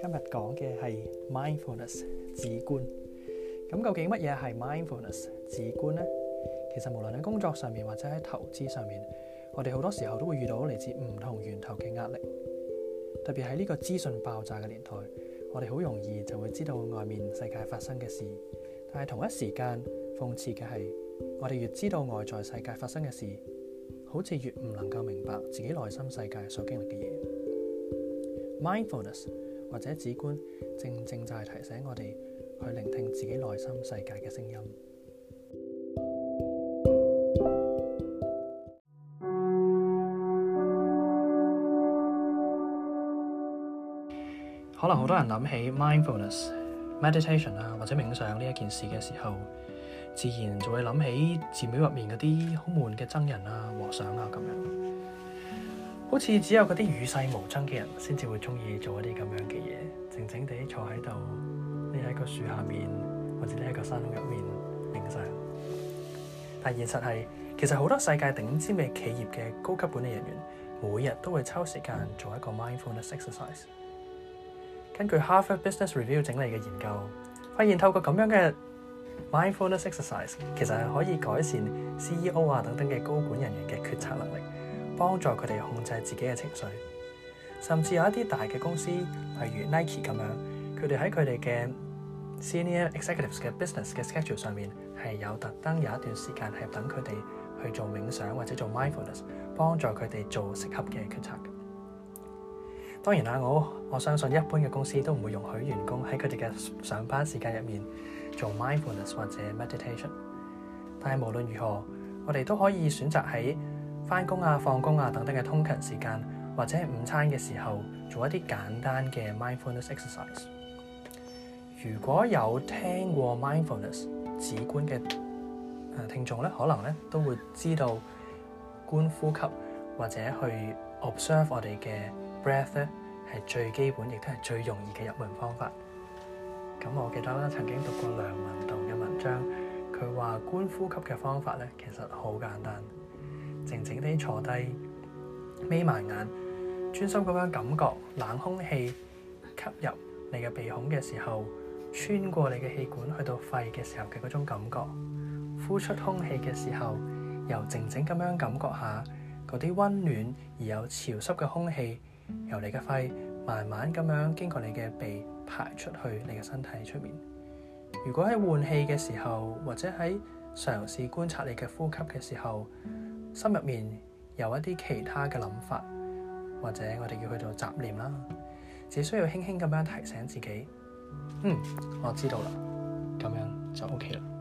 今日講嘅係 mindfulness 止觀，咁究竟乜嘢係 mindfulness 止觀呢？其實無論喺工作上面或者喺投資上面，我哋好多時候都會遇到嚟自唔同源頭嘅壓力，特別喺呢個資訊爆炸嘅年代，我哋好容易就會知道外面世界發生嘅事，但係同一時間諷刺嘅係，我哋越知道外在世界發生嘅事，好似越唔能夠明白自己內心世界所經歷嘅嘢。mindfulness 或者止觀，正正就係提醒我哋去聆聽自己內心世界嘅聲音。可能好多人諗起 mindfulness meditation 啊或者冥想呢一件事嘅時候，自然就會諗起寺廟入面嗰啲好悶嘅僧人啊、和尚啊咁樣。好似只有嗰啲與世無爭嘅人先至會中意做一啲咁樣嘅嘢，靜靜地坐喺度，匿、這、喺個樹下面，或者匿喺個山窿入面冥想。但現實係，其實好多世界頂尖嘅企業嘅高級管理人員，每日都會抽時間做一個 mindfulness exercise。根據《Harvard Business Review》整理嘅研究，發現透過咁樣嘅 mindfulness exercise，其實係可以改善 CEO 啊等等嘅高管人員嘅決策能力。幫助佢哋控制自己嘅情緒，甚至有一啲大嘅公司，例如 Nike 咁樣，佢哋喺佢哋嘅 senior executives 嘅 business 嘅 schedule 上面係有特登有一段時間係等佢哋去做冥想或者做 mindfulness，幫助佢哋做適合嘅決策。當然啦，我我相信一般嘅公司都唔會容許員工喺佢哋嘅上班時間入面做 mindfulness 或者 meditation。但係無論如何，我哋都可以選擇喺。返工啊、放工啊等等嘅通勤時間，或者午餐嘅時候，做一啲簡單嘅 mindfulness exercise。如果有聽過 mindfulness 止觀嘅啊聽眾咧，可能咧都會知道觀呼吸或者去 observe 我哋嘅 breath 咧，係最基本亦都係最容易嘅入門方法。咁我記得咧曾經讀過梁文道嘅文章，佢話觀呼吸嘅方法咧其實好簡單。靜靜地坐低，眯埋眼，專心咁樣感覺冷空氣吸入你嘅鼻孔嘅時候，穿過你嘅氣管去到肺嘅時候嘅嗰種感覺。呼出空氣嘅時候，由靜靜咁樣感覺下嗰啲溫暖而有潮濕嘅空氣，由你嘅肺慢慢咁樣經過你嘅鼻，排出去你嘅身體出面。如果喺換氣嘅時候，或者喺嘗試觀察你嘅呼吸嘅時候，心入面有一啲其他嘅諗法，或者我哋要去到雜念啦，只需要輕輕咁樣提醒自己，嗯，我知道啦，咁樣就 OK 啦。